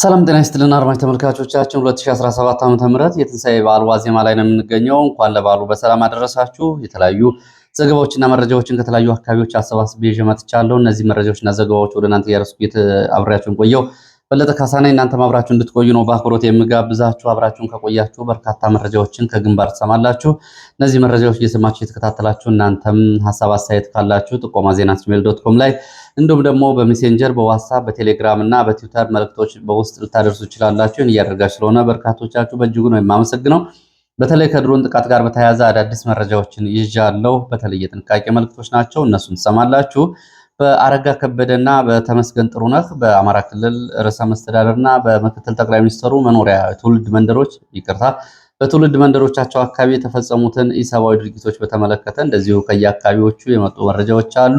ሰላም ጤና ይስጥልን አድማጭ ተመልካቾቻችን 2017 ዓ ም የትንሣኤ በዓል ዋዜማ ላይ ነው የምንገኘው። እንኳን ለበዓሉ በሰላም አደረሳችሁ። የተለያዩ ዘገባዎችና መረጃዎችን ከተለያዩ አካባቢዎች አሰባስቤ ይዤ መጥቻለሁ። እነዚህ መረጃዎችና ዘገባዎች ወደ እናንተ እያደረስኩ አብሬያችሁን ቆየው በለጠ ካሳና እናንተም አብራችሁ እንድትቆዩ ነው በአክብሮት የምጋብዛችሁ። አብራችሁን ከቆያችሁ በርካታ መረጃዎችን ከግንባር ትሰማላችሁ። እነዚህ መረጃዎች እየሰማችሁ እየተከታተላችሁ እናንተም ሀሳብ አስተያየት ካላችሁ ጥቆማ ዜና ጂሜል ዶት ኮም ላይ እንዲሁም ደግሞ በሜሴንጀር በዋትሳፕ በቴሌግራም እና በትዊተር መልእክቶች በውስጥ ልታደርሱ ይችላላችሁ። ይህን እያደረጋችሁ ስለሆነ በርካቶቻችሁ በእጅጉ ነው የማመሰግነው። በተለይ ከድሮን ጥቃት ጋር በተያያዘ አዳዲስ መረጃዎችን ይዣለሁ። በተለይ የጥንቃቄ መልእክቶች ናቸው፣ እነሱን ትሰማላችሁ። በአረጋ ከበደና በተመስገን ጥሩነህ በአማራ ክልል ርዕሰ መስተዳደርና በምክትል ጠቅላይ ሚኒስትሩ መኖሪያ ትውልድ መንደሮች ይቅርታ በትውልድ መንደሮቻቸው አካባቢ የተፈጸሙትን ኢሰብአዊ ድርጊቶች በተመለከተ እንደዚሁ ከየአካባቢዎቹ የመጡ መረጃዎች አሉ።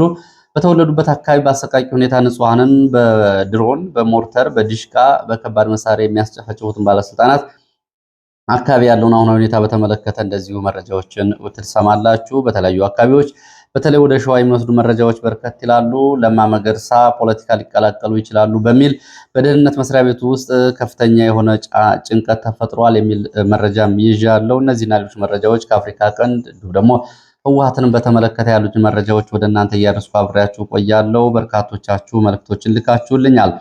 በተወለዱበት አካባቢ በአሰቃቂ ሁኔታ ንጹሐንን በድሮን በሞርተር በዲሽቃ በከባድ መሳሪያ የሚያስጨፈጭፉትን ባለስልጣናት አካባቢ ያለውን አሁናዊ ሁኔታ በተመለከተ እንደዚሁ መረጃዎችን ትሰማላችሁ። በተለያዩ አካባቢዎች በተለይ ወደ ሸዋ የሚወስዱ መረጃዎች በርከት ይላሉ። ለማ መገርሳ ፖለቲካ ሊቀላቀሉ ይችላሉ በሚል በደህንነት መስሪያ ቤቱ ውስጥ ከፍተኛ የሆነ ጭንቀት ተፈጥሯል የሚል መረጃም ይዣለሁ። እነዚህና ሌሎች መረጃዎች ከአፍሪካ ቀንድ እንዲሁም ደግሞ ህወሓትንም በተመለከተ ያሉትን መረጃዎች ወደ እናንተ እያደረስኩ አብሬያችሁ ቆያለሁ። በርካቶቻችሁ መልክቶችን ልካችሁልኛል።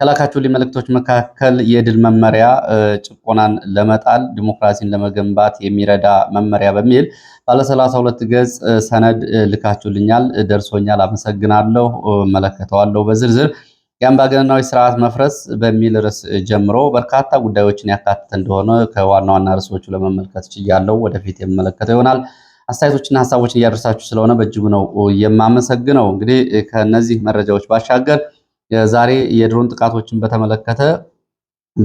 ከላካችሁልኝ መልክቶች መካከል የድል መመሪያ ጭቆናን ለመጣል ዲሞክራሲን ለመገንባት የሚረዳ መመሪያ በሚል ባለ 32 ገጽ ሰነድ ልካችሁልኛል። ደርሶኛል። አመሰግናለሁ። መለከተዋለሁ በዝርዝር የአምባገነናዊ ስርዓት መፍረስ በሚል ርዕስ ጀምሮ በርካታ ጉዳዮችን ያካትት እንደሆነ ከዋና ዋና ርዕሶቹ ለመመልከት ችያለው። ወደፊት የምመለከተው ይሆናል። አስተያየቶችና ሀሳቦችን እያደረሳችሁ ስለሆነ በእጅጉ ነው የማመሰግነው። እንግዲህ ከነዚህ መረጃዎች ባሻገር ዛሬ የድሮን ጥቃቶችን በተመለከተ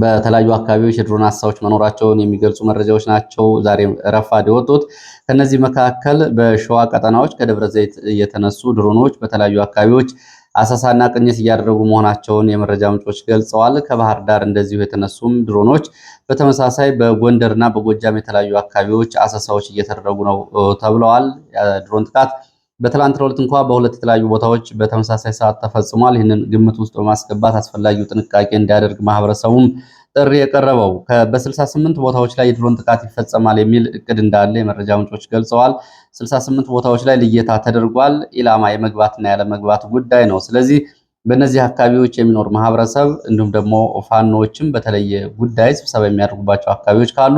በተለያዩ አካባቢዎች የድሮን አሳዎች መኖራቸውን የሚገልጹ መረጃዎች ናቸው ዛሬ ረፋድ የወጡት። ከነዚህ መካከል በሸዋ ቀጠናዎች ከደብረ ዘይት የተነሱ ድሮኖች በተለያዩ አካባቢዎች አሰሳና ቅኝት እያደረጉ መሆናቸውን የመረጃ ምንጮች ገልጸዋል። ከባህር ዳር እንደዚሁ የተነሱም ድሮኖች በተመሳሳይ በጎንደርና በጎጃም የተለያዩ አካባቢዎች አሰሳዎች እየተደረጉ ነው ተብለዋል። ድሮን ጥቃት በትላንት ዕለት እንኳ በሁለት የተለያዩ ቦታዎች በተመሳሳይ ሰዓት ተፈጽሟል። ይህንን ግምት ውስጥ በማስገባት አስፈላጊው ጥንቃቄ እንዲያደርግ ማህበረሰቡም ጥሪ የቀረበው በ68 ቦታዎች ላይ የድሮን ጥቃት ይፈጸማል የሚል እቅድ እንዳለ የመረጃ ምንጮች ገልጸዋል። 68 ቦታዎች ላይ ልየታ ተደርጓል። ኢላማ የመግባትና ያለመግባት ጉዳይ ነው። ስለዚህ በእነዚህ አካባቢዎች የሚኖር ማህበረሰብ እንዲሁም ደግሞ ፋኖዎችም በተለየ ጉዳይ ስብሰባ የሚያደርጉባቸው አካባቢዎች ካሉ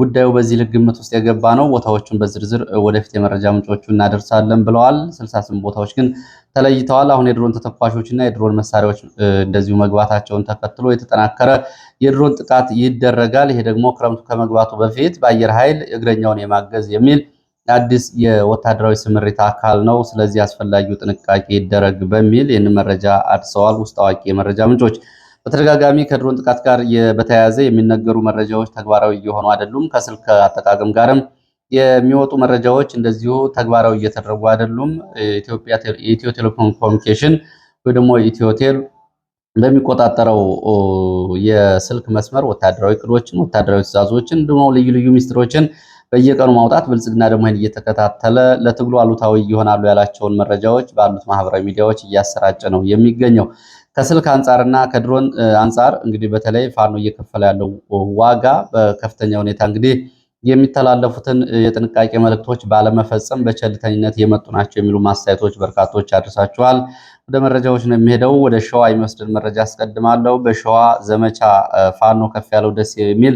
ጉዳዩ በዚህ ልክ ግምት ውስጥ የገባ ነው። ቦታዎቹን በዝርዝር ወደፊት የመረጃ ምንጮቹ እናደርሳለን ብለዋል። 68 ቦታዎች ግን ተለይተዋል። አሁን የድሮን ተተኳሾች እና የድሮን መሳሪያዎች እንደዚሁ መግባታቸውን ተከትሎ የተጠናከረ የድሮን ጥቃት ይደረጋል። ይሄ ደግሞ ክረምቱ ከመግባቱ በፊት በአየር ኃይል እግረኛውን የማገዝ የሚል አዲስ የወታደራዊ ስምሪት አካል ነው። ስለዚህ አስፈላጊው ጥንቃቄ ይደረግ በሚል ይህን መረጃ አድሰዋል ውስጥ አዋቂ የመረጃ ምንጮች። በተደጋጋሚ ከድሮን ጥቃት ጋር በተያያዘ የሚነገሩ መረጃዎች ተግባራዊ እየሆኑ አይደሉም። ከስልክ አጠቃቀም ጋርም የሚወጡ መረጃዎች እንደዚሁ ተግባራዊ እየተደረጉ አይደሉም። የኢትዮ ቴሌኮም ኮሚኒኬሽን ወይ ደግሞ ኢትዮቴል በሚቆጣጠረው የስልክ መስመር ወታደራዊ እቅዶችን፣ ወታደራዊ ትእዛዞችን ደግሞ ልዩ ልዩ ሚስጥሮችን በየቀኑ ማውጣት ብልጽግና ደግሞ ይህን እየተከታተለ ለትግሉ አሉታዊ ይሆናሉ ያላቸውን መረጃዎች ባሉት ማህበራዊ ሚዲያዎች እያሰራጨ ነው የሚገኘው። ከስልክ አንጻርና ከድሮን አንጻር እንግዲህ በተለይ ፋኖ እየከፈለ ያለው ዋጋ በከፍተኛ ሁኔታ እንግዲህ የሚተላለፉትን የጥንቃቄ መልእክቶች ባለመፈጸም በቸልተኝነት የመጡ ናቸው የሚሉ ማስተያየቶች በርካቶች አድርሳችኋል። ወደ መረጃዎች ነው የሚሄደው። ወደ ሸዋ የሚወስድን መረጃ አስቀድማለሁ። በሸዋ ዘመቻ ፋኖ ከፍ ያለው ደስ የሚል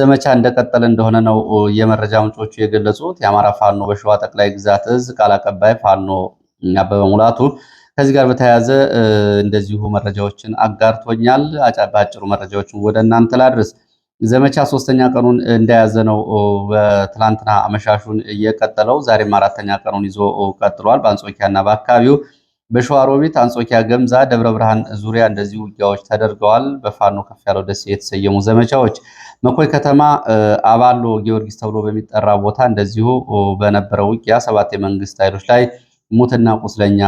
ዘመቻ እንደቀጠለ እንደሆነ ነው የመረጃ ምንጮቹ የገለጹት። የአማራ ፋኖ በሸዋ ጠቅላይ ግዛት እዝ ቃል አቀባይ ፋኖ አበበ ሙላቱ ከዚህ ጋር በተያያዘ እንደዚሁ መረጃዎችን አጋርቶኛል። በአጭሩ መረጃዎችን ወደ እናንተ ላድርስ። ዘመቻ ሶስተኛ ቀኑን እንደያዘ ነው። በትላንትና አመሻሹን እየቀጠለው ዛሬም አራተኛ ቀኑን ይዞ ቀጥሏል። በአንጾኪያና በአካባቢው በሸዋሮቢት፣ አንጾኪያ፣ ገምዛ፣ ደብረ ብርሃን ዙሪያ እንደዚሁ ውጊያዎች ተደርገዋል። በፋኖ ከፍ ያለው ደሴ የተሰየሙ ዘመቻዎች መኮይ ከተማ አባሎ ጊዮርጊስ ተብሎ በሚጠራ ቦታ እንደዚሁ በነበረው ውጊያ ሰባት የመንግስት ኃይሎች ላይ ሙትና ቁስለኛ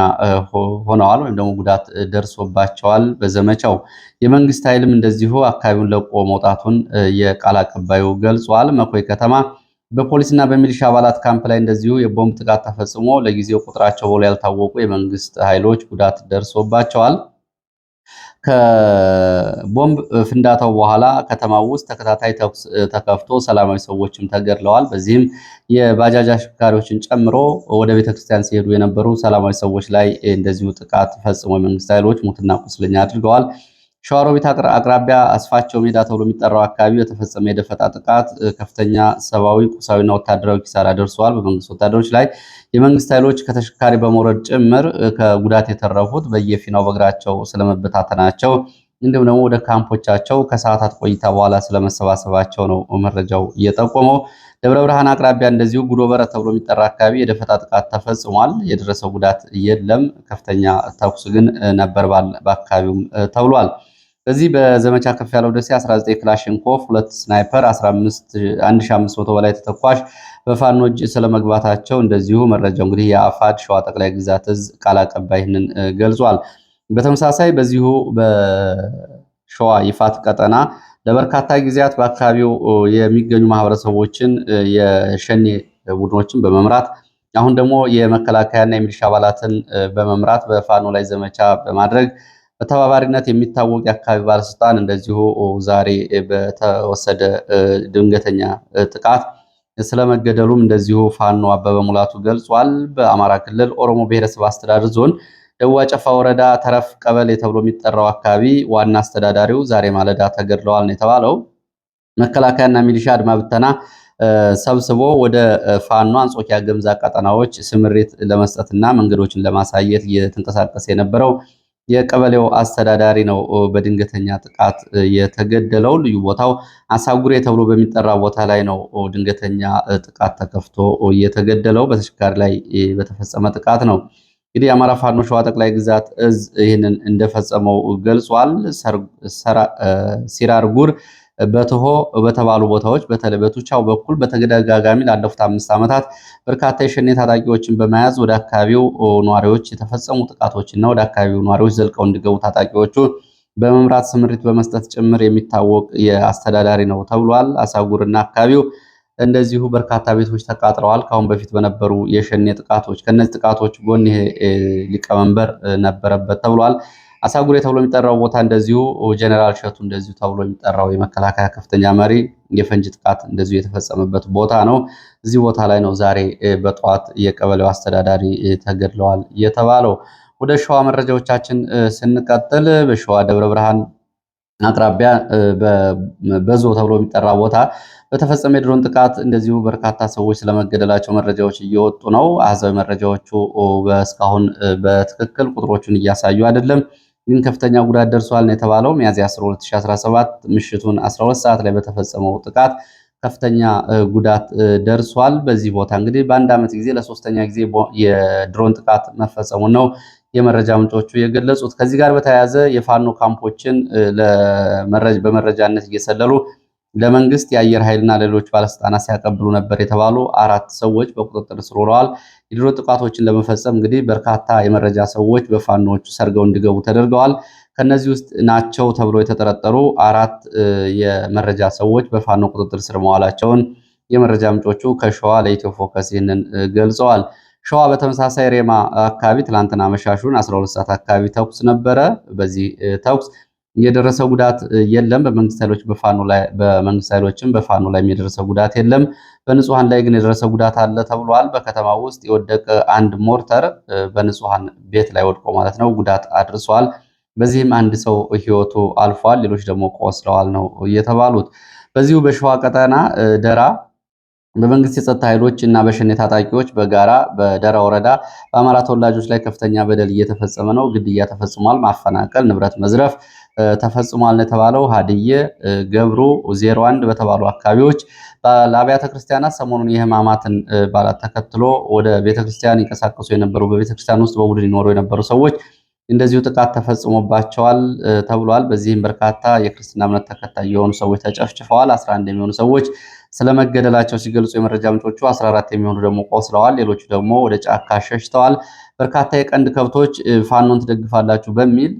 ሆነዋል ወይም ደግሞ ጉዳት ደርሶባቸዋል። በዘመቻው የመንግስት ኃይልም እንደዚሁ አካባቢውን ለቆ መውጣቱን የቃል አቀባዩ ገልጿል። መኮይ ከተማ በፖሊስና በሚሊሻ አባላት ካምፕ ላይ እንደዚሁ የቦምብ ጥቃት ተፈጽሞ ለጊዜው ቁጥራቸው በውል ያልታወቁ የመንግስት ኃይሎች ጉዳት ደርሶባቸዋል። ከቦምብ ፍንዳታው በኋላ ከተማ ውስጥ ተከታታይ ተኩስ ተከፍቶ ሰላማዊ ሰዎችም ተገድለዋል። በዚህም የባጃጅ አሽከርካሪዎችን ጨምሮ ወደ ቤተክርስቲያን ሲሄዱ የነበሩ ሰላማዊ ሰዎች ላይ እንደዚሁ ጥቃት ፈጽሞ የመንግስት ኃይሎች ሙትና ቁስለኛ አድርገዋል። ሸዋሮቢት አቅራቢያ አስፋቸው ሜዳ ተብሎ የሚጠራው አካባቢ በተፈጸመ የደፈጣ ጥቃት ከፍተኛ ሰብአዊ፣ ቁሳዊና ወታደራዊ ኪሳራ ደርሰዋል። በመንግስት ወታደሮች ላይ የመንግስት ኃይሎች ከተሽከርካሪ በመውረድ ጭምር ከጉዳት የተረፉት በየፊናው በእግራቸው ስለመበታተናቸው እንዲሁም ደግሞ ወደ ካምፖቻቸው ከሰዓታት ቆይታ በኋላ ስለመሰባሰባቸው ነው መረጃው እየጠቆመው። ደብረ ብርሃን አቅራቢያ እንደዚሁ ጉዶ በረ ተብሎ የሚጠራ አካባቢ የደፈጣ ጥቃት ተፈጽሟል። የደረሰው ጉዳት የለም። ከፍተኛ ተኩስ ግን ነበርባል በአካባቢውም ተብሏል። በዚህ በዘመቻ ከፍ ያለው ደሴ 19 ክላሽንኮፍ፣ ሁለት ስናይፐር፣ 1500 በላይ ተተኳሽ በፋኖ እጅ ስለመግባታቸው እንደዚሁ መረጃው እንግዲህ የአፋድ ሸዋ ጠቅላይ ግዛት እዝ ቃል አቀባይ ይህንን ገልጿል። በተመሳሳይ በዚሁ በሸዋ ይፋት ቀጠና ለበርካታ ጊዜያት በአካባቢው የሚገኙ ማህበረሰቦችን የሸኔ ቡድኖችን በመምራት አሁን ደግሞ የመከላከያና የሚሊሻ አባላትን በመምራት በፋኖ ላይ ዘመቻ በማድረግ በተባባሪነት የሚታወቅ የአካባቢ ባለስልጣን እንደዚሁ ዛሬ በተወሰደ ድንገተኛ ጥቃት ስለመገደሉም እንደዚሁ ፋኖ አበበ ሙላቱ ገልጿል። በአማራ ክልል ኦሮሞ ብሔረሰብ አስተዳደር ዞን ደዋ ጨፋ ወረዳ ተረፍ ቀበሌ ተብሎ የሚጠራው አካባቢ ዋና አስተዳዳሪው ዛሬ ማለዳ ተገድለዋል ነው የተባለው። መከላከያና ሚሊሻ አድማ ብተና ሰብስቦ ወደ ፋኖ አንጾኪያ ገምዛ ቀጠናዎች ስምሪት ለመስጠትና መንገዶችን ለማሳየት እየተንቀሳቀሰ የነበረው የቀበሌው አስተዳዳሪ ነው በድንገተኛ ጥቃት የተገደለው። ልዩ ቦታው አሳጉሬ ተብሎ በሚጠራ ቦታ ላይ ነው ድንገተኛ ጥቃት ተከፍቶ የተገደለው በተሽከርካሪ ላይ በተፈጸመ ጥቃት ነው። እንግዲህ የአማራ ፋኖ ሸዋ ጠቅላይ ግዛት እዝ ይህንን እንደፈጸመው ገልጿል። ሲራርጉር በተሆ በተባሉ ቦታዎች በተለይ በቱቻው በኩል በተደጋጋሚ ላለፉት አምስት ዓመታት በርካታ የሸኔ ታጣቂዎችን በመያዝ ወደ አካባቢው ነዋሪዎች የተፈጸሙ ጥቃቶችና ወደ አካባቢው ነዋሪዎች ዘልቀው እንዲገቡ ታጣቂዎቹ በመምራት ስምሪት በመስጠት ጭምር የሚታወቅ የአስተዳዳሪ ነው ተብሏል። አሳጉርና አካባቢው እንደዚሁ በርካታ ቤቶች ተቃጥለዋል። ከአሁን በፊት በነበሩ የሸኔ ጥቃቶች ከእነዚህ ጥቃቶች ጎን ሊቀመንበር ነበረበት ተብሏል። አሳጉሬ ተብሎ የሚጠራው ቦታ እንደዚሁ ጀነራል ሸቱ እንደዚሁ ተብሎ የሚጠራው የመከላከያ ከፍተኛ መሪ የፈንጅ ጥቃት እንደዚሁ የተፈጸመበት ቦታ ነው። እዚህ ቦታ ላይ ነው ዛሬ በጠዋት የቀበሌው አስተዳዳሪ ተገድለዋል የተባለው። ወደ ሸዋ መረጃዎቻችን ስንቀጥል በሸዋ ደብረ ብርሃን አቅራቢያ በዞ ተብሎ የሚጠራ ቦታ በተፈጸመ የድሮን ጥቃት እንደዚሁ በርካታ ሰዎች ስለመገደላቸው መረጃዎች እየወጡ ነው። አሃዛዊ መረጃዎቹ እስካሁን በትክክል ቁጥሮቹን እያሳዩ አይደለም። ግን ከፍተኛ ጉዳት ደርሷል ነው የተባለው። ሚያዝያ 10 2017 ምሽቱን 12 ሰዓት ላይ በተፈጸመው ጥቃት ከፍተኛ ጉዳት ደርሷል። በዚህ ቦታ እንግዲህ በአንድ ዓመት ጊዜ ለሶስተኛ ጊዜ የድሮን ጥቃት መፈጸሙ ነው የመረጃ ምንጮቹ የገለጹት። ከዚህ ጋር በተያያዘ የፋኖ ካምፖችን በመረጃነት እየሰለሉ ለመንግስት የአየር ኃይልና ሌሎች ባለስልጣናት ሲያቀብሉ ነበር የተባሉ አራት ሰዎች በቁጥጥር ስር ውለዋል። የድሮ ጥቃቶችን ለመፈጸም እንግዲህ በርካታ የመረጃ ሰዎች በፋኖቹ ሰርገው እንዲገቡ ተደርገዋል። ከነዚህ ውስጥ ናቸው ተብሎ የተጠረጠሩ አራት የመረጃ ሰዎች በፋኖ ቁጥጥር ስር መዋላቸውን የመረጃ ምንጮቹ ከሸዋ ለኢትዮ ፎከስ ይህንን ገልጸዋል። ሸዋ በተመሳሳይ ሬማ አካባቢ ትላንትና መሻሹን 12 ሰዓት አካባቢ ተኩስ ነበረ። በዚህ ተኩስ የደረሰ ጉዳት የለም። በመንግስት ኃይሎች በፋኖ ላይ በመንግስት ኃይሎችም በፋኖ ላይ የደረሰ ጉዳት የለም። በንጹሃን ላይ ግን የደረሰ ጉዳት አለ ተብሏል። በከተማ ውስጥ የወደቀ አንድ ሞርተር በንጹሃን ቤት ላይ ወድቆ ማለት ነው ጉዳት አድርሷል። በዚህም አንድ ሰው ህይወቱ አልፏል። ሌሎች ደግሞ ቆስለዋል ነው የተባሉት። በዚሁ በሸዋ ቀጠና ደራ በመንግስት የጸጥታ ኃይሎች እና በሸኔ ታጣቂዎች በጋራ በደራ ወረዳ በአማራ ተወላጆች ላይ ከፍተኛ በደል እየተፈጸመ ነው። ግድያ ተፈጽሟል። ማፈናቀል፣ ንብረት መዝረፍ ተፈጽሟል የተባለው ሀድዬ፣ ገብሩ 01 በተባሉ አካባቢዎች ለአብያተ ክርስቲያናት ሰሞኑን የህማማትን በዓላት ተከትሎ ወደ ቤተክርስቲያን ይንቀሳቀሱ የነበሩ በቤተክርስቲያን ውስጥ በቡድን ይኖሩ የነበሩ ሰዎች እንደዚሁ ጥቃት ተፈጽሞባቸዋል ተብሏል። በዚህም በርካታ የክርስትና እምነት ተከታይ የሆኑ ሰዎች ተጨፍጭፈዋል። 11 የሚሆኑ ሰዎች ስለመገደላቸው ሲገልጹ የመረጃ ምንጮቹ 14 የሚሆኑ ደግሞ ቆስለዋል። ሌሎቹ ደግሞ ወደ ጫካ ሸሽተዋል። በርካታ የቀንድ ከብቶች ፋኖን ትደግፋላችሁ በሚል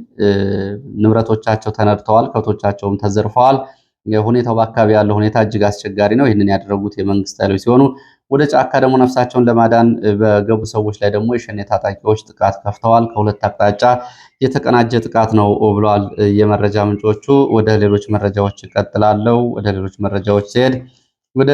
ንብረቶቻቸው ተነድተዋል፣ ከብቶቻቸውም ተዘርፈዋል። ሁኔታው በአካባቢ ያለው ሁኔታ እጅግ አስቸጋሪ ነው። ይህንን ያደረጉት የመንግስት ኃይሎች ሲሆኑ ወደ ጫካ ደግሞ ነፍሳቸውን ለማዳን በገቡ ሰዎች ላይ ደግሞ የሸኔ ታጣቂዎች ጥቃት ከፍተዋል። ከሁለት አቅጣጫ የተቀናጀ ጥቃት ነው ብለዋል የመረጃ ምንጮቹ። ወደ ሌሎች መረጃዎች እቀጥላለሁ። ወደ ሌሎች መረጃዎች ሲሄድ ወደ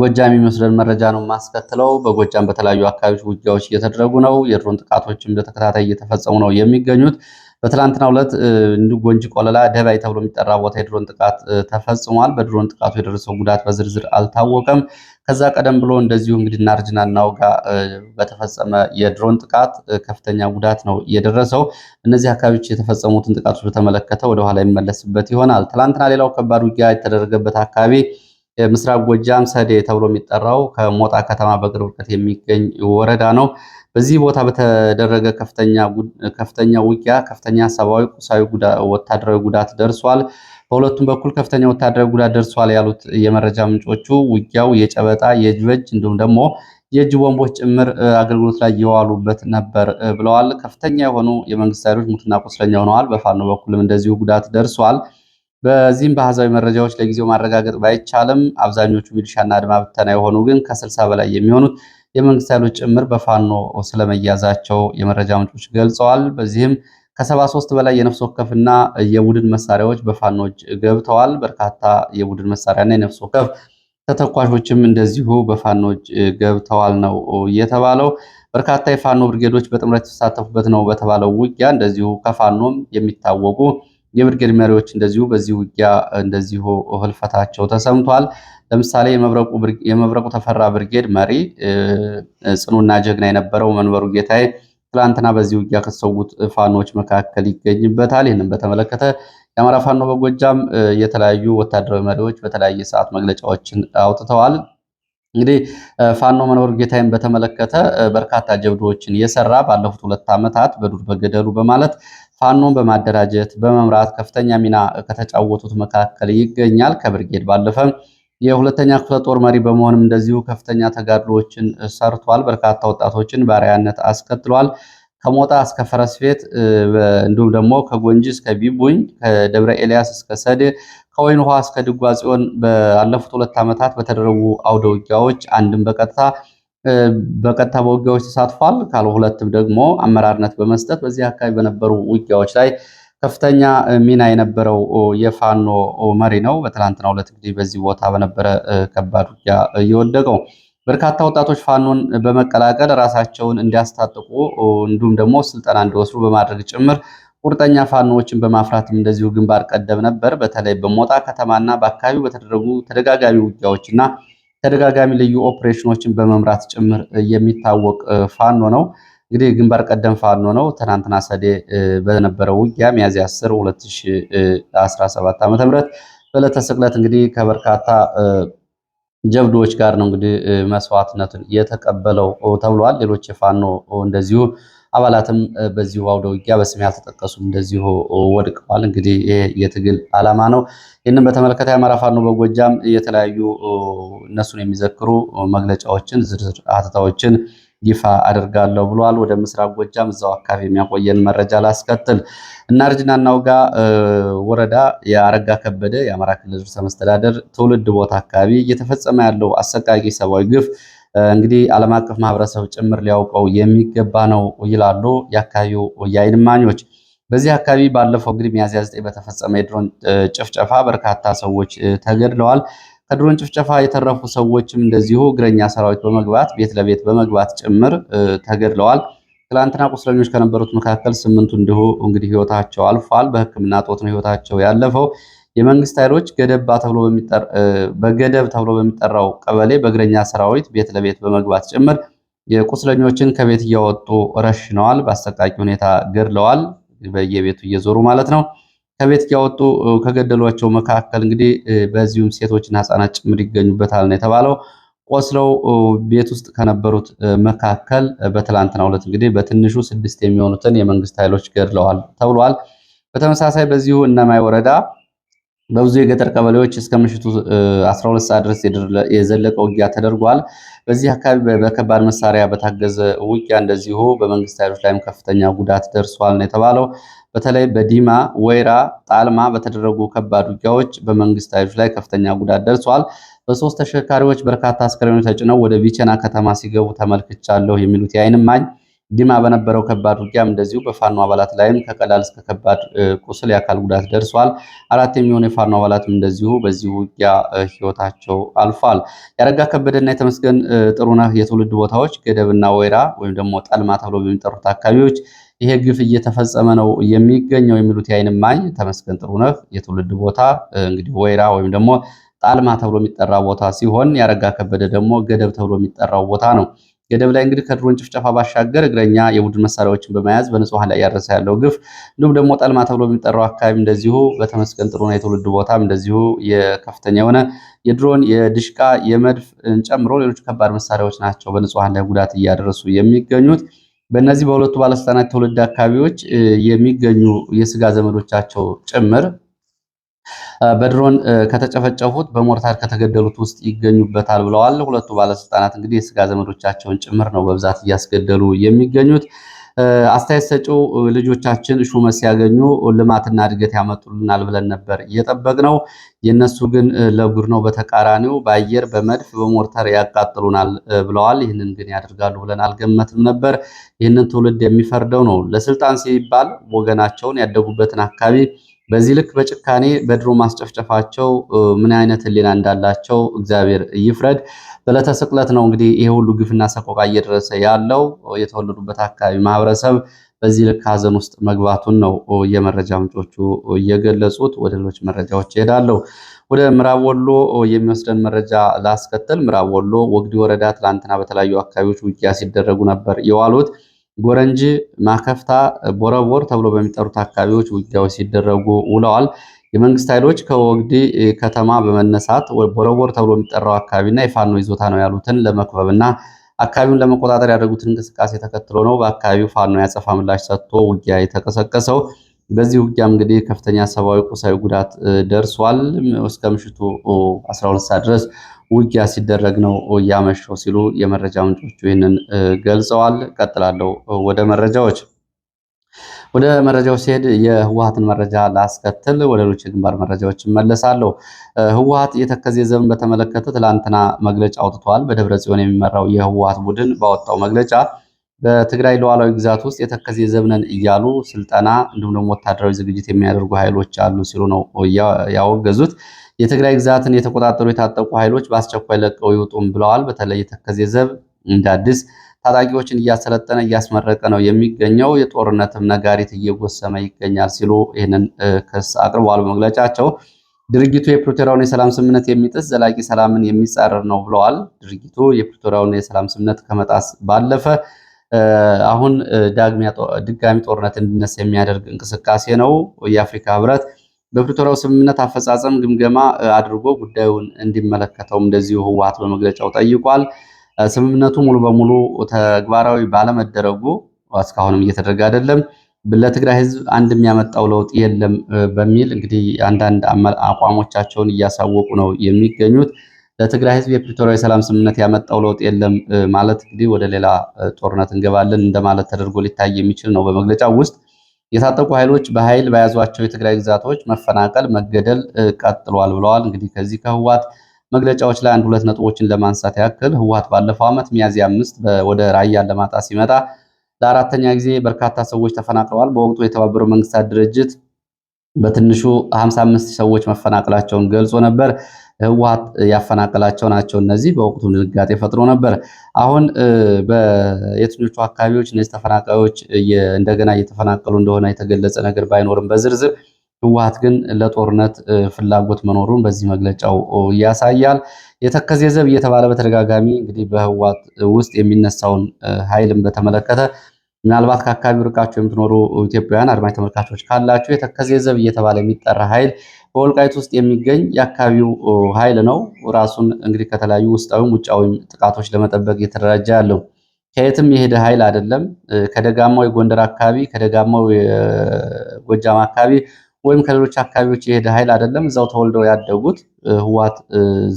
ጎጃም የሚወስደን መረጃ ነው የማስከትለው። በጎጃም በተለያዩ አካባቢዎች ውጊያዎች እየተደረጉ ነው። የድሮን ጥቃቶችም በተከታታይ እየተፈጸሙ ነው የሚገኙት። በትላንትናው ዕለት እንዲሁ ጎንጂ ቆለላ ደባይ ተብሎ የሚጠራ ቦታ የድሮን ጥቃት ተፈጽሟል። በድሮን ጥቃቱ የደረሰው ጉዳት በዝርዝር አልታወቀም። ከዛ ቀደም ብሎ እንደዚሁ እንግዲህ እናርጅና እናውጋ በተፈጸመ የድሮን ጥቃት ከፍተኛ ጉዳት ነው የደረሰው። እነዚህ አካባቢዎች የተፈጸሙትን ጥቃቶች በተመለከተ ወደኋላ የሚመለስበት ይሆናል። ትላንትና ሌላው ከባድ ውጊያ የተደረገበት አካባቢ የምስራቅ ጎጃም ሰዴ ተብሎ የሚጠራው ከሞጣ ከተማ በቅርብ ርቀት የሚገኝ ወረዳ ነው። በዚህ ቦታ በተደረገ ከፍተኛ ውጊያ ከፍተኛ ሰብአዊ፣ ቁሳዊ፣ ወታደራዊ ጉዳት ደርሷል። በሁለቱም በኩል ከፍተኛ ወታደራዊ ጉዳት ደርሷል ያሉት የመረጃ ምንጮቹ ውጊያው የጨበጣ የጅበጅ እንዲሁም ደግሞ የእጅ ቦምቦች ጭምር አገልግሎት ላይ የዋሉበት ነበር ብለዋል። ከፍተኛ የሆኑ የመንግስት ኃይሎች ሙትና ቁስለኛ ሆነዋል። በፋኖ በኩልም እንደዚሁ ጉዳት ደርሷል። በዚህም በአሃዛዊ መረጃዎች ለጊዜው ማረጋገጥ ባይቻልም አብዛኞቹ ሚሊሻና አድማ ብተና የሆኑ ግን ከስልሳ በላይ የሚሆኑት የመንግስት ኃይሎች ጭምር በፋኖ ስለመያዛቸው የመረጃ ምንጮች ገልጸዋል። በዚህም ከሰባ ሶስት በላይ የነፍስ ወከፍና የቡድን መሳሪያዎች በፋኖች ገብተዋል። በርካታ የቡድን መሳሪያና የነፍስ ወከፍ ተተኳሾችም እንደዚሁ በፋኖች ገብተዋል ነው የተባለው። በርካታ የፋኖ ብርጌዶች በጥምረት የተሳተፉበት ነው በተባለው ውጊያ እንደዚሁ ከፋኖም የሚታወቁ የብርጌድ መሪዎች እንደዚሁ በዚህ ውጊያ እንደዚሁ ህልፈታቸው ተሰምቷል። ለምሳሌ የመብረቁ ተፈራ ብርጌድ መሪ ጽኑና ጀግና የነበረው መንበሩ ጌታዬ ትላንትና በዚህ ውጊያ ከተሰዉት ፋኖች መካከል ይገኝበታል። ይህንም በተመለከተ የአማራ ፋኖ በጎጃም የተለያዩ ወታደራዊ መሪዎች በተለያየ ሰዓት መግለጫዎችን አውጥተዋል። እንግዲህ ፋኖ መንበሩ ጌታዬን በተመለከተ በርካታ ጀብዶዎችን የሰራ ባለፉት ሁለት ዓመታት በዱር በገደሉ በማለት ፋኖን በማደራጀት በመምራት ከፍተኛ ሚና ከተጫወቱት መካከል ይገኛል። ከብርጌድ ባለፈ የሁለተኛ ክፍለ ጦር መሪ በመሆንም እንደዚሁ ከፍተኛ ተጋድሎዎችን ሰርቷል። በርካታ ወጣቶችን ባሪያነት አስከትሏል። ከሞጣ እስከ ፈረስ ቤት እንዲሁም ደግሞ ከጎንጂ እስከ ቢቡኝ፣ ከደብረ ኤልያስ እስከ ሰዴ፣ ከወይን ውሃ እስከ ድጓ ጽዮን ባለፉት ሁለት ዓመታት በተደረጉ አውደ ውጊያዎች አንድም በቀጥታ በቀጥታ በውጊያዎች ተሳትፏል። ካሉ ሁለትም ደግሞ አመራርነት በመስጠት በዚህ አካባቢ በነበሩ ውጊያዎች ላይ ከፍተኛ ሚና የነበረው የፋኖ መሪ ነው። በትናንትናው ዕለት እንግዲህ በዚህ ቦታ በነበረ ከባድ ውጊያ እየወደቀው በርካታ ወጣቶች ፋኖን በመቀላቀል ራሳቸውን እንዲያስታጥቁ እንዲሁም ደግሞ ስልጠና እንዲወስዱ በማድረግ ጭምር ቁርጠኛ ፋኖዎችን በማፍራትም እንደዚሁ ግንባር ቀደም ነበር። በተለይ በሞጣ ከተማና በአካባቢው በተደረጉ ተደጋጋሚ ውጊያዎችና ተደጋጋሚ ልዩ ኦፕሬሽኖችን በመምራት ጭምር የሚታወቅ ፋኖ ነው። እንግዲህ ግንባር ቀደም ፋኖ ነው። ትናንትና ሰዴ በነበረው ውጊያ ሚያዝያ 10 2017 ዓ.ም በዕለተ ስቅለት እንግዲህ ከበርካታ ጀብዶዎች ጋር ነው እንግዲህ መስዋዕትነቱን የተቀበለው ተብሏል። ሌሎች የፋኖ እንደዚሁ አባላትም በዚሁ አውደ ውጊያ በስም ያልተጠቀሱም እንደዚሁ ወድቀዋል። እንግዲህ ይሄ የትግል ዓላማ ነው። ይህንም በተመለከተ የአማራ ፋኖ በጎጃም የተለያዩ እነሱን የሚዘክሩ መግለጫዎችን፣ ዝርዝር ሀተታዎችን ይፋ አድርጋለሁ ብሏል። ወደ ምስራቅ ጎጃም እዛው አካባቢ የሚያቆየን መረጃ ላስከትል። እናርጅና እናውጋ ወረዳ የአረጋ ከበደ የአማራ ክልል ርዕሰ መስተዳደር ትውልድ ቦታ አካባቢ እየተፈጸመ ያለው አሰቃቂ ሰብአዊ ግፍ እንግዲህ ዓለም አቀፍ ማህበረሰብ ጭምር ሊያውቀው የሚገባ ነው ይላሉ የአካባቢው የዓይን እማኞች። በዚህ አካባቢ ባለፈው እንግዲህ ሚያዝያ 9 በተፈጸመ የድሮን ጭፍጨፋ በርካታ ሰዎች ተገድለዋል። ከድሮን ጭፍጨፋ የተረፉ ሰዎችም እንደዚሁ እግረኛ ሰራዊት በመግባት ቤት ለቤት በመግባት ጭምር ተገድለዋል። ትላንትና ቁስለኞች ከነበሩት መካከል ስምንቱ እንዲሁ እንግዲህ ህይወታቸው አልፏል። በህክምና ጦት ነው ህይወታቸው ያለፈው። የመንግስት ኃይሎች በገደብ ተብሎ በሚጠራው ቀበሌ በእግረኛ ሰራዊት ቤት ለቤት በመግባት ጭምር የቁስለኞችን ከቤት እያወጡ ረሽነዋል። በአሰቃቂ ሁኔታ ገድለዋል። በየቤቱ እየዞሩ ማለት ነው። ከቤት እያወጡ ከገደሏቸው መካከል እንግዲህ በዚሁም ሴቶችና ሕፃናት ጭምር ይገኙበታል ነው የተባለው። ቆስለው ቤት ውስጥ ከነበሩት መካከል በትላንትናው ዕለት እንግዲህ በትንሹ ስድስት የሚሆኑትን የመንግስት ኃይሎች ገድለዋል ተብሏል። በተመሳሳይ በዚሁ እነማይ ወረዳ በብዙ የገጠር ቀበሌዎች እስከ ምሽቱ 12 ሰዓት ድረስ የዘለቀ ውጊያ ተደርጓል። በዚህ አካባቢ በከባድ መሳሪያ በታገዘ ውጊያ እንደዚሁ በመንግስት ኃይሎች ላይም ከፍተኛ ጉዳት ደርሷል ነው የተባለው። በተለይ በዲማ ወይራ፣ ጣልማ በተደረጉ ከባድ ውጊያዎች በመንግስት ኃይሎች ላይ ከፍተኛ ጉዳት ደርሷል። በሶስት ተሽከርካሪዎች በርካታ አስከሬኖች ተጭነው ወደ ቢቸና ከተማ ሲገቡ ተመልክቻለሁ የሚሉት የአይን እማኝ ዲማ በነበረው ከባድ ውጊያም እንደዚሁ በፋኖ አባላት ላይም ከቀላል እስከ ከባድ ቁስል የአካል ጉዳት ደርሷል። አራት የሚሆኑ የፋኖ አባላትም እንደዚሁ በዚህ ውጊያ ህይወታቸው አልፏል። ያረጋ ከበደና የተመስገን ጥሩነህ የትውልድ ቦታዎች ገደብና ወይራ ወይም ደግሞ ጠልማ ተብሎ በሚጠሩት አካባቢዎች ይሄ ግፍ እየተፈጸመ ነው የሚገኘው የሚሉት የአይን እማኝ ተመስገን ጥሩነህ የትውልድ ቦታ እንግዲህ ወይራ ወይም ደግሞ ጣልማ ተብሎ የሚጠራ ቦታ ሲሆን ያረጋ ከበደ ደግሞ ገደብ ተብሎ የሚጠራው ቦታ ነው። ገደብ ላይ እንግዲህ ከድሮን ጭፍጨፋ ባሻገር እግረኛ የቡድን መሳሪያዎችን በመያዝ በንጹሐን ላይ እያደረሰ ያለው ግፍ እንዲሁም ደግሞ ጠልማ ተብሎ የሚጠራው አካባቢ እንደዚሁ በተመስገን ጥሩነህ የትውልድ ቦታም እንደዚሁ የከፍተኛ የሆነ የድሮን የድሽቃ የመድፍ ጨምሮ ሌሎች ከባድ መሳሪያዎች ናቸው በንጹሐን ላይ ጉዳት እያደረሱ የሚገኙት። በእነዚህ በሁለቱ ባለስልጣናት ትውልድ አካባቢዎች የሚገኙ የስጋ ዘመዶቻቸው ጭምር በድሮን ከተጨፈጨፉት በሞርታር ከተገደሉት ውስጥ ይገኙበታል ብለዋል። ሁለቱ ባለስልጣናት እንግዲህ የስጋ ዘመዶቻቸውን ጭምር ነው በብዛት እያስገደሉ የሚገኙት። አስተያየት ሰጪው ልጆቻችን ሹመት ሲያገኙ ልማትና እድገት ያመጡልናል ብለን ነበር እየጠበቅነው፣ የእነሱ ግን ለጉድ ነው። በተቃራኒው በአየር በመድፍ በሞርተር ያቃጥሉናል ብለዋል። ይህንን ግን ያደርጋሉ ብለን አልገመትም ነበር። ይህንን ትውልድ የሚፈርደው ነው። ለስልጣን ሲባል ወገናቸውን ያደጉበትን አካባቢ በዚህ ልክ በጭካኔ በድሮ ማስጨፍጨፋቸው ምን አይነት ህሊና እንዳላቸው እግዚአብሔር ይፍረድ። በዕለተ ስቅለት ነው እንግዲህ ይሄ ሁሉ ግፍና ሰቆቃ እየደረሰ ያለው የተወለዱበት አካባቢ ማህበረሰብ በዚህ ልክ ሀዘን ውስጥ መግባቱን ነው የመረጃ ምንጮቹ እየገለጹት። ወደ ሌሎች መረጃዎች ይሄዳለሁ። ወደ ምዕራብ ወሎ የሚወስደን መረጃ ላስከተል። ምዕራብ ወሎ ወግዲ ወረዳ ትላንትና በተለያዩ አካባቢዎች ውጊያ ሲደረጉ ነበር የዋሉት። ጎረንጅ፣ ማከፍታ፣ ቦረቦር ተብሎ በሚጠሩት አካባቢዎች ውጊያዎች ሲደረጉ ውለዋል። የመንግስት ኃይሎች ከወግዲ ከተማ በመነሳት ቦረቦር ተብሎ የሚጠራው አካባቢና የፋኖ ይዞታ ነው ያሉትን ለመክበብና አካባቢውን ለመቆጣጠር ያደረጉትን እንቅስቃሴ ተከትሎ ነው በአካባቢው ፋኖ ያጸፋ ምላሽ ሰጥቶ ውጊያ የተቀሰቀሰው። በዚህ ውጊያም እንግዲህ ከፍተኛ ሰብአዊ፣ ቁሳዊ ጉዳት ደርሷል። እስከ ምሽቱ 12 ሰዓት ድረስ ውጊያ ሲደረግ ነው እያመሸው ሲሉ የመረጃ ምንጮቹ ይህንን ገልጸዋል። ቀጥላለሁ ወደ መረጃዎች ወደ መረጃዎች ሲሄድ የህወሀትን መረጃ ላስከትል፣ ወደ ሌሎች የግንባር መረጃዎች መለሳለሁ። ህወሀት የተከዜ ዘብን በተመለከተ ትላንትና መግለጫ አውጥተዋል። በደብረ ጽዮን የሚመራው የህወሀት ቡድን ባወጣው መግለጫ በትግራይ ሉዓላዊ ግዛት ውስጥ የተከዜ ዘብነን እያሉ ስልጠና እንዲሁም ደግሞ ወታደራዊ ዝግጅት የሚያደርጉ ኃይሎች አሉ ሲሉ ነው ያወገዙት። የትግራይ ግዛትን የተቆጣጠሩ የታጠቁ ኃይሎች በአስቸኳይ ለቀው ይውጡም ብለዋል። በተለይ የተከዜ ዘብ እንደ አዲስ ታጣቂዎችን እያሰለጠነ እያስመረቀ ነው የሚገኘው፣ የጦርነትም ነጋሪት እየጎሰመ ይገኛል ሲሉ ይህንን ክስ አቅርበዋል። በመግለጫቸው ድርጊቱ የፕሪቶሪያውን የሰላም ስምምነት የሚጥስ ዘላቂ ሰላምን የሚጻረር ነው ብለዋል። ድርጊቱ የፕሪቶሪያውን የሰላም ስምምነት ከመጣስ ባለፈ አሁን ድጋሚ ጦርነት እንዲነሳ የሚያደርግ እንቅስቃሴ ነው። የአፍሪካ ህብረት በፕሪቶሪያው ስምምነት አፈጻጸም ግምገማ አድርጎ ጉዳዩን እንዲመለከተውም እንደዚሁ ህወሓት በመግለጫው ጠይቋል። ስምምነቱ ሙሉ በሙሉ ተግባራዊ ባለመደረጉ እስካሁንም እየተደረገ አይደለም፣ ለትግራይ ህዝብ አንድ የሚያመጣው ለውጥ የለም በሚል እንግዲህ አንዳንድ አቋሞቻቸውን እያሳወቁ ነው የሚገኙት። ለትግራይ ህዝብ የፕሪቶሪያ የሰላም ስምምነት ያመጣው ለውጥ የለም ማለት እንግዲህ ወደ ሌላ ጦርነት እንገባለን እንደማለት ተደርጎ ሊታይ የሚችል ነው በመግለጫው ውስጥ የታጠቁ ኃይሎች በኃይል በያዟቸው የትግራይ ግዛቶች መፈናቀል፣ መገደል ቀጥሏል ብለዋል። እንግዲህ ከዚህ ከህወሓት መግለጫዎች ላይ አንድ ሁለት ነጥቦችን ለማንሳት ያክል ህወሓት ባለፈው ዓመት ሚያዝያ አምስት ወደ ራያ ለማጣ ሲመጣ ለአራተኛ ጊዜ በርካታ ሰዎች ተፈናቅለዋል። በወቅቱ የተባበሩ መንግስታት ድርጅት በትንሹ 55 ሰዎች መፈናቀላቸውን ገልጾ ነበር። ህወሓት ያፈናቀላቸው ናቸው። እነዚህ በወቅቱ ድንጋጤ ፈጥሮ ነበር። አሁን በየትኞቹ አካባቢዎች እነዚህ ተፈናቃዮች እንደገና እየተፈናቀሉ እንደሆነ የተገለጸ ነገር ባይኖርም በዝርዝር ህወሓት ግን ለጦርነት ፍላጎት መኖሩን በዚህ መግለጫው ያሳያል። የተከዜ ዘብ እየተባለ በተደጋጋሚ እንግዲህ በህወሓት ውስጥ የሚነሳውን ኃይልም በተመለከተ ምናልባት ከአካባቢው ርቃችሁ የምትኖሩ ኢትዮጵያውያን አድማጭ ተመልካቾች ካላችሁ የተከዜ ዘብ እየተባለ የሚጠራ ኃይል በወልቃይት ውስጥ የሚገኝ የአካባቢው ኃይል ነው። ራሱን እንግዲህ ከተለያዩ ውስጣዊም ውጫዊም ጥቃቶች ለመጠበቅ እየተደራጀ ያለው ከየትም የሄደ ኃይል አይደለም። ከደጋማው የጎንደር አካባቢ፣ ከደጋማው የጎጃም አካባቢ ወይም ከሌሎች አካባቢዎች የሄደ ኃይል አይደለም። እዛው ተወልደው ያደጉት ህዋት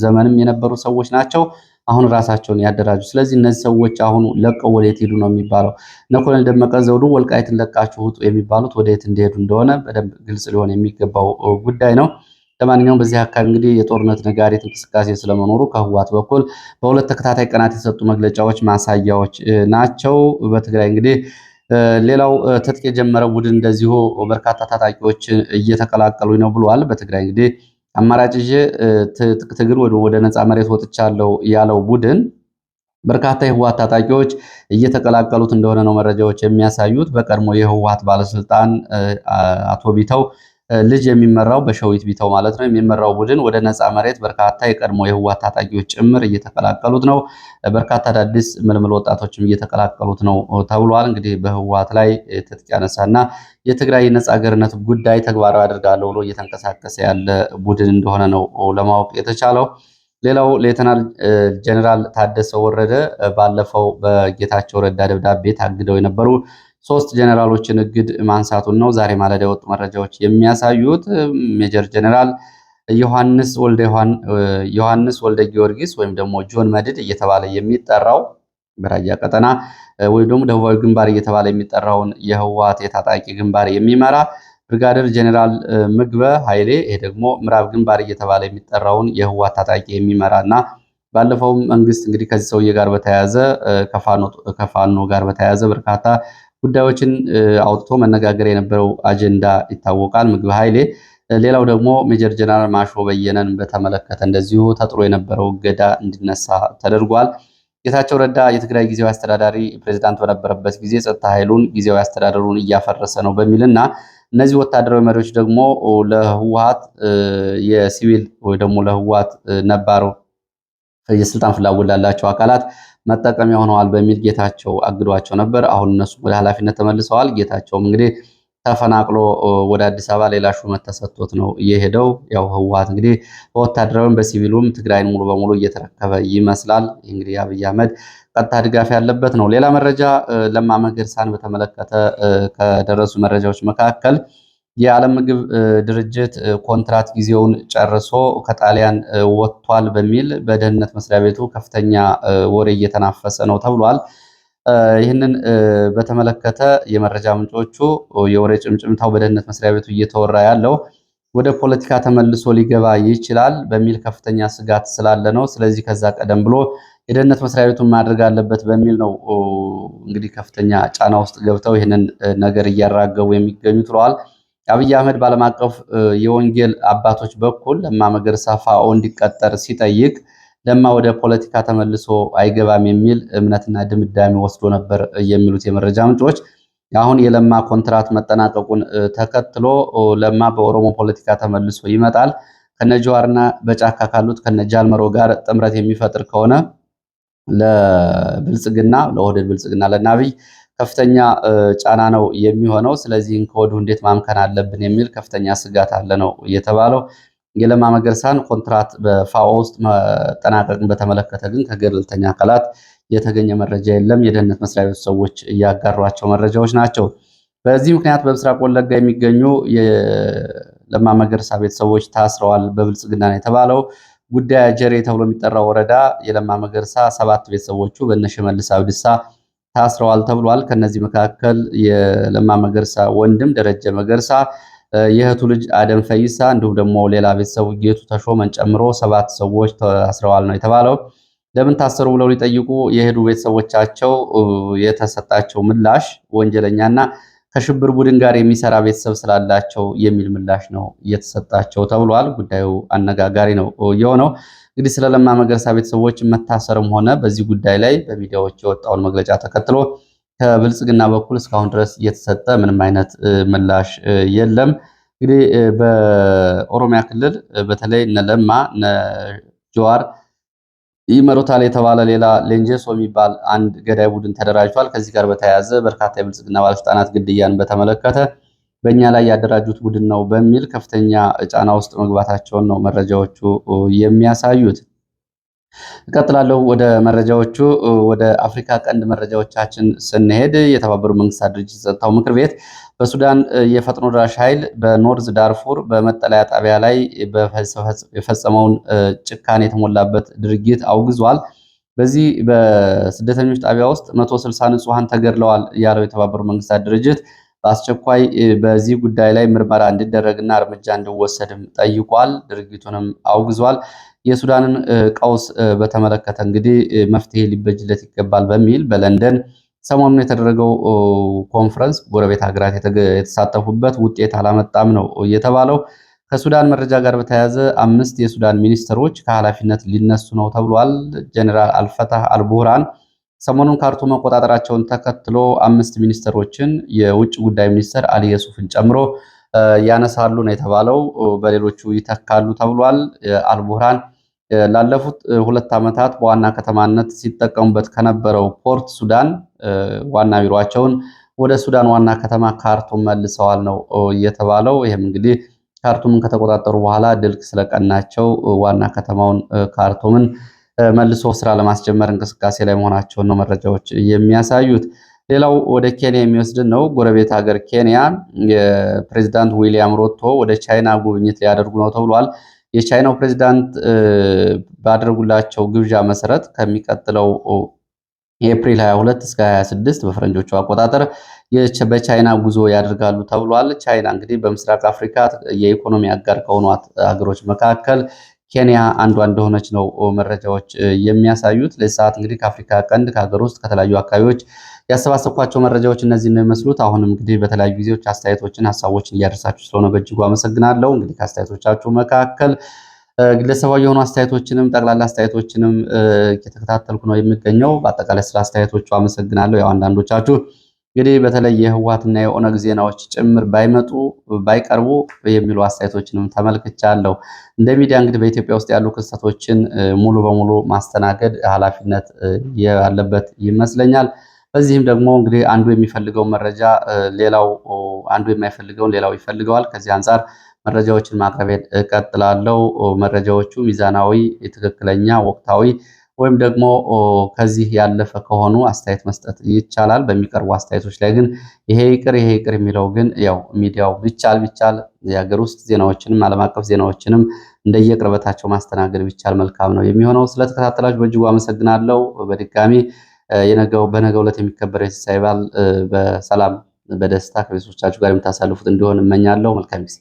ዘመንም የነበሩ ሰዎች ናቸው። አሁን ራሳቸውን ያደራጁ። ስለዚህ እነዚህ ሰዎች አሁን ለቀው ወዴት ሄዱ ነው የሚባለው። እነ ኮሎኔል ደመቀ ዘውዱ ወልቃይትን ለቃችሁ ውጡ የሚባሉት ወዴት እንደሄዱ እንደሆነ በደንብ ግልጽ ሊሆን የሚገባው ጉዳይ ነው። ለማንኛውም በዚህ አካባቢ እንግዲህ የጦርነት ነጋሪት እንቅስቃሴ ስለመኖሩ ከህዋት በኩል በሁለት ተከታታይ ቀናት የሰጡ መግለጫዎች ማሳያዎች ናቸው። በትግራይ እንግዲህ ሌላው ትጥቅ የጀመረ ቡድን እንደዚሁ በርካታ ታጣቂዎችን እየተቀላቀሉ ነው ብለዋል። በትግራይ እንግዲህ አማራጭ ይዤ ትግል ወደ ነፃ መሬት ወጥቻለሁ ያለው ቡድን በርካታ የህወሓት ታጣቂዎች እየተቀላቀሉት እንደሆነ ነው መረጃዎች የሚያሳዩት። በቀድሞ የህወሓት ባለስልጣን አቶ ቢተው ልጅ የሚመራው በሸዊት ቢተው ማለት ነው የሚመራው ቡድን ወደ ነፃ መሬት በርካታ የቀድሞ የህወሓት ታጣቂዎች ጭምር እየተቀላቀሉት ነው። በርካታ አዳዲስ ምልምል ወጣቶችም እየተቀላቀሉት ነው ተብሏል። እንግዲህ በህወሓት ላይ ትጥቅ ያነሳና የትግራይ ነፃ ሀገርነት ጉዳይ ተግባራዊ አድርጋለሁ ብሎ እየተንቀሳቀሰ ያለ ቡድን እንደሆነ ነው ለማወቅ የተቻለው። ሌላው ሌተናል ጀኔራል ታደሰ ወረደ ባለፈው በጌታቸው ረዳ ደብዳቤ ታግደው የነበሩ ሶስት ጀነራሎችን እግድ ማንሳቱን ነው ዛሬ ማለዳ የወጡ መረጃዎች የሚያሳዩት። ሜጀር ጀነራል ዮሐንስ ወልደ ጊዮርጊስ ወይም ደግሞ ጆን መድድ እየተባለ የሚጠራው በራያ ቀጠና ወይም ደግሞ ደቡባዊ ግንባር እየተባለ የሚጠራውን የህወሓት የታጣቂ ግንባር የሚመራ ብርጋደር ጀኔራል ምግበ ኃይሌ ይሄ ደግሞ ምዕራብ ግንባር እየተባለ የሚጠራውን የህዋት ታጣቂ የሚመራ እና ባለፈውም መንግስት እንግዲህ ከዚህ ሰውዬ ጋር በተያያዘ ከፋኖ ጋር በተያያዘ በርካታ ጉዳዮችን አውጥቶ መነጋገር የነበረው አጀንዳ ይታወቃል። ምግብ ኃይሌ ሌላው ደግሞ ሜጀር ጀነራል ማሾ በየነን በተመለከተ እንደዚሁ ተጥሎ የነበረው እገዳ እንዲነሳ ተደርጓል። ጌታቸው ረዳ የትግራይ ጊዜያዊ አስተዳዳሪ ፕሬዚዳንት በነበረበት ጊዜ ጸጥታ ኃይሉን ጊዜያዊ አስተዳደሩን እያፈረሰ ነው በሚል እና እነዚህ ወታደራዊ መሪዎች ደግሞ ለህወሀት የሲቪል ወይ ደግሞ ለህወሀት ነባር የስልጣን ፍላጎት ላላቸው አካላት መጠቀሚያ ሆነዋል በሚል ጌታቸው አግዷቸው ነበር። አሁን እነሱ ወደ ኃላፊነት ተመልሰዋል። ጌታቸውም እንግዲህ ተፈናቅሎ ወደ አዲስ አበባ ሌላ ሹመት ተሰጥቶት ነው እየሄደው። ያው ህወሓት እንግዲህ በወታደራዊም በሲቪሉም ትግራይን ሙሉ በሙሉ እየተረከበ ይመስላል። እንግዲህ የአብይ አህመድ ቀጥታ ድጋፍ ያለበት ነው። ሌላ መረጃ ለማ መገርሳን በተመለከተ ከደረሱ መረጃዎች መካከል የዓለም ምግብ ድርጅት ኮንትራት ጊዜውን ጨርሶ ከጣሊያን ወጥቷል በሚል በደህንነት መስሪያ ቤቱ ከፍተኛ ወሬ እየተናፈሰ ነው ተብሏል። ይህንን በተመለከተ የመረጃ ምንጮቹ የወሬ ጭምጭምታው በደህንነት መስሪያ ቤቱ እየተወራ ያለው ወደ ፖለቲካ ተመልሶ ሊገባ ይችላል በሚል ከፍተኛ ስጋት ስላለ ነው። ስለዚህ ከዛ ቀደም ብሎ የደህንነት መስሪያ ቤቱን ማድረግ አለበት በሚል ነው እንግዲህ ከፍተኛ ጫና ውስጥ ገብተው ይህንን ነገር እያራገቡ የሚገኙ ትለዋል። አብይ አህመድ በዓለም አቀፍ የወንጌል አባቶች በኩል ለማ መገርሳ ፋኦ እንዲቀጠር ሲጠይቅ ለማ ወደ ፖለቲካ ተመልሶ አይገባም የሚል እምነትና ድምዳሜ ወስዶ ነበር የሚሉት የመረጃ ምንጮች፣ አሁን የለማ ኮንትራት መጠናቀቁን ተከትሎ ለማ በኦሮሞ ፖለቲካ ተመልሶ ይመጣል ከነጀዋርና በጫካ ካሉት ከነጃልመሮ ጋር ጥምረት የሚፈጥር ከሆነ ለብልጽግና ለወደድ ብልጽግና ለናብይ ከፍተኛ ጫና ነው የሚሆነው። ስለዚህ ከወዲሁ እንዴት ማምከን አለብን የሚል ከፍተኛ ስጋት አለ ነው የተባለው። የለማ መገርሳን ኮንትራት በፋኦ ውስጥ መጠናቀቅን በተመለከተ ግን ከገለልተኛ አካላት የተገኘ መረጃ የለም። የደህንነት መስሪያ ቤት ሰዎች እያጋሯቸው መረጃዎች ናቸው። በዚህ ምክንያት በምስራቅ ወለጋ የሚገኙ የለማ መገርሳ ቤተሰቦች ታስረዋል። በብልጽግና ነው የተባለው። ጉዳይ ጀሬ ተብሎ የሚጠራው ወረዳ የለማ መገርሳ ሰባት ቤተሰቦቹ በእነ አብዲሳ ታስረዋል ተብሏል። ከነዚህ መካከል የለማ መገርሳ ወንድም ደረጀ መገርሳ፣ የእህቱ ልጅ አደም ፈይሳ እንዲሁም ደግሞ ሌላ ቤተሰቡ ጌቱ ተሾመን ጨምሮ ሰባት ሰዎች ታስረዋል ነው የተባለው። ለምን ታሰሩ ብለው ሊጠይቁ የሄዱ ቤተሰቦቻቸው የተሰጣቸው ምላሽ ወንጀለኛና ከሽብር ቡድን ጋር የሚሰራ ቤተሰብ ስላላቸው የሚል ምላሽ ነው እየተሰጣቸው ተብሏል። ጉዳዩ አነጋጋሪ ነው የሆነው። እንግዲህ ስለ ለማ መገርሳ ቤተሰቦች መታሰርም ሆነ በዚህ ጉዳይ ላይ በሚዲያዎች የወጣውን መግለጫ ተከትሎ ከብልጽግና በኩል እስካሁን ድረስ እየተሰጠ ምንም አይነት ምላሽ የለም። እንግዲህ በኦሮሚያ ክልል በተለይ እነ ለማ እነ ጀዋር ይመሩታል የተባለ ሌላ ሌንጀሶ የሚባል አንድ ገዳይ ቡድን ተደራጅቷል። ከዚህ ጋር በተያያዘ በርካታ የብልጽግና ባለስልጣናት ግድያን በተመለከተ በእኛ ላይ ያደራጁት ቡድን ነው በሚል ከፍተኛ ጫና ውስጥ መግባታቸውን ነው መረጃዎቹ የሚያሳዩት። እቀጥላለሁ ወደ መረጃዎቹ። ወደ አፍሪካ ቀንድ መረጃዎቻችን ስንሄድ የተባበሩ መንግስታት ድርጅት ጸጥታው ምክር ቤት በሱዳን የፈጥኖ ደራሽ ኃይል በኖርዝ ዳርፉር በመጠለያ ጣቢያ ላይ የፈጸመውን ጭካኔ የተሞላበት ድርጊት አውግዟል። በዚህ በስደተኞች ጣቢያ ውስጥ መቶ ስልሳ ንጹሐን ተገድለዋል ያለው የተባበሩት መንግስታት ድርጅት በአስቸኳይ በዚህ ጉዳይ ላይ ምርመራ እንዲደረግና እርምጃ እንዲወሰድም ጠይቋል። ድርጊቱንም አውግዟል። የሱዳንን ቀውስ በተመለከተ እንግዲህ መፍትሄ ሊበጅለት ይገባል በሚል በለንደን ሰሞኑን የተደረገው ኮንፈረንስ ጎረቤት ሀገራት የተሳተፉበት ውጤት አላመጣም ነው እየተባለው። ከሱዳን መረጃ ጋር በተያያዘ አምስት የሱዳን ሚኒስትሮች ከኃላፊነት ሊነሱ ነው ተብሏል። ጀኔራል አልፈታህ አልቡራን። ሰሞኑን ካርቱም መቆጣጠራቸውን ተከትሎ አምስት ሚኒስትሮችን የውጭ ጉዳይ ሚኒስትር አሊ የሱፍን ጨምሮ ያነሳሉ ነው የተባለው። በሌሎቹ ይተካሉ ተብሏል። አልቡርሃን ላለፉት ሁለት ዓመታት በዋና ከተማነት ሲጠቀሙበት ከነበረው ፖርት ሱዳን ዋና ቢሮቸውን ወደ ሱዳን ዋና ከተማ ካርቱም መልሰዋል ነው የተባለው። ይህም እንግዲህ ካርቱምን ከተቆጣጠሩ በኋላ ድልቅ ስለቀናቸው ዋና ከተማውን ካርቱምን መልሶ ስራ ለማስጀመር እንቅስቃሴ ላይ መሆናቸውን ነው መረጃዎች የሚያሳዩት። ሌላው ወደ ኬንያ የሚወስድን ነው። ጎረቤት ሀገር ኬንያ የፕሬዚዳንት ዊሊያም ሮቶ ወደ ቻይና ጉብኝት ሊያደርጉ ነው ተብሏል። የቻይናው ፕሬዚዳንት ባደረጉላቸው ግብዣ መሰረት ከሚቀጥለው የኤፕሪል 22 እስከ 26 በፈረንጆቹ አቆጣጠር በቻይና ጉዞ ያደርጋሉ ተብሏል። ቻይና እንግዲህ በምስራቅ አፍሪካ የኢኮኖሚ አጋር ከሆኗት ሀገሮች መካከል ኬንያ አንዷ እንደሆነች ነው መረጃዎች የሚያሳዩት። ለዚህ ሰዓት እንግዲህ ከአፍሪካ ቀንድ ከሀገር ውስጥ ከተለያዩ አካባቢዎች ያሰባሰብኳቸው መረጃዎች እነዚህ ነው የሚመስሉት። አሁንም እንግዲህ በተለያዩ ጊዜዎች አስተያየቶችን፣ ሀሳቦችን እያደረሳችሁ ስለሆነ በእጅጉ አመሰግናለሁ። እንግዲህ ከአስተያየቶቻችሁ መካከል ግለሰባዊ የሆኑ አስተያየቶችንም ጠቅላላ አስተያየቶችንም እየተከታተልኩ ነው የሚገኘው። በአጠቃላይ ስለ አስተያየቶቹ አመሰግናለሁ። ያው አንዳንዶቻችሁ እንግዲህ በተለይ የህወሓትና የኦነግ ዜናዎች ጭምር ባይመጡ ባይቀርቡ የሚሉ አስተያየቶችንም ተመልክቻለሁ። እንደ ሚዲያ እንግዲህ በኢትዮጵያ ውስጥ ያሉ ክስተቶችን ሙሉ በሙሉ ማስተናገድ ኃላፊነት ያለበት ይመስለኛል። በዚህም ደግሞ እንግዲህ አንዱ የሚፈልገውን መረጃ ሌላው አንዱ የማይፈልገውን ሌላው ይፈልገዋል። ከዚህ አንጻር መረጃዎችን ማቅረብ እቀጥላለሁ። መረጃዎቹ ሚዛናዊ፣ ትክክለኛ፣ ወቅታዊ ወይም ደግሞ ከዚህ ያለፈ ከሆኑ አስተያየት መስጠት ይቻላል። በሚቀርቡ አስተያየቶች ላይ ግን ይሄ ይቅር ይሄ ይቅር የሚለው ግን ያው ሚዲያው ቢቻል ቢቻል የሀገር ውስጥ ዜናዎችንም ዓለም አቀፍ ዜናዎችንም እንደየቅርበታቸው ማስተናገድ ቢቻል መልካም ነው የሚሆነው። ስለተከታተላችሁ በእጅጉ አመሰግናለሁ። በድጋሚ በነገው ዕለት የሚከበረው የትንሳኤ በዓል በሰላም በደስታ ከቤተሰቦቻችሁ ጋር የምታሳልፉት እንዲሆን እመኛለሁ። መልካም ጊዜ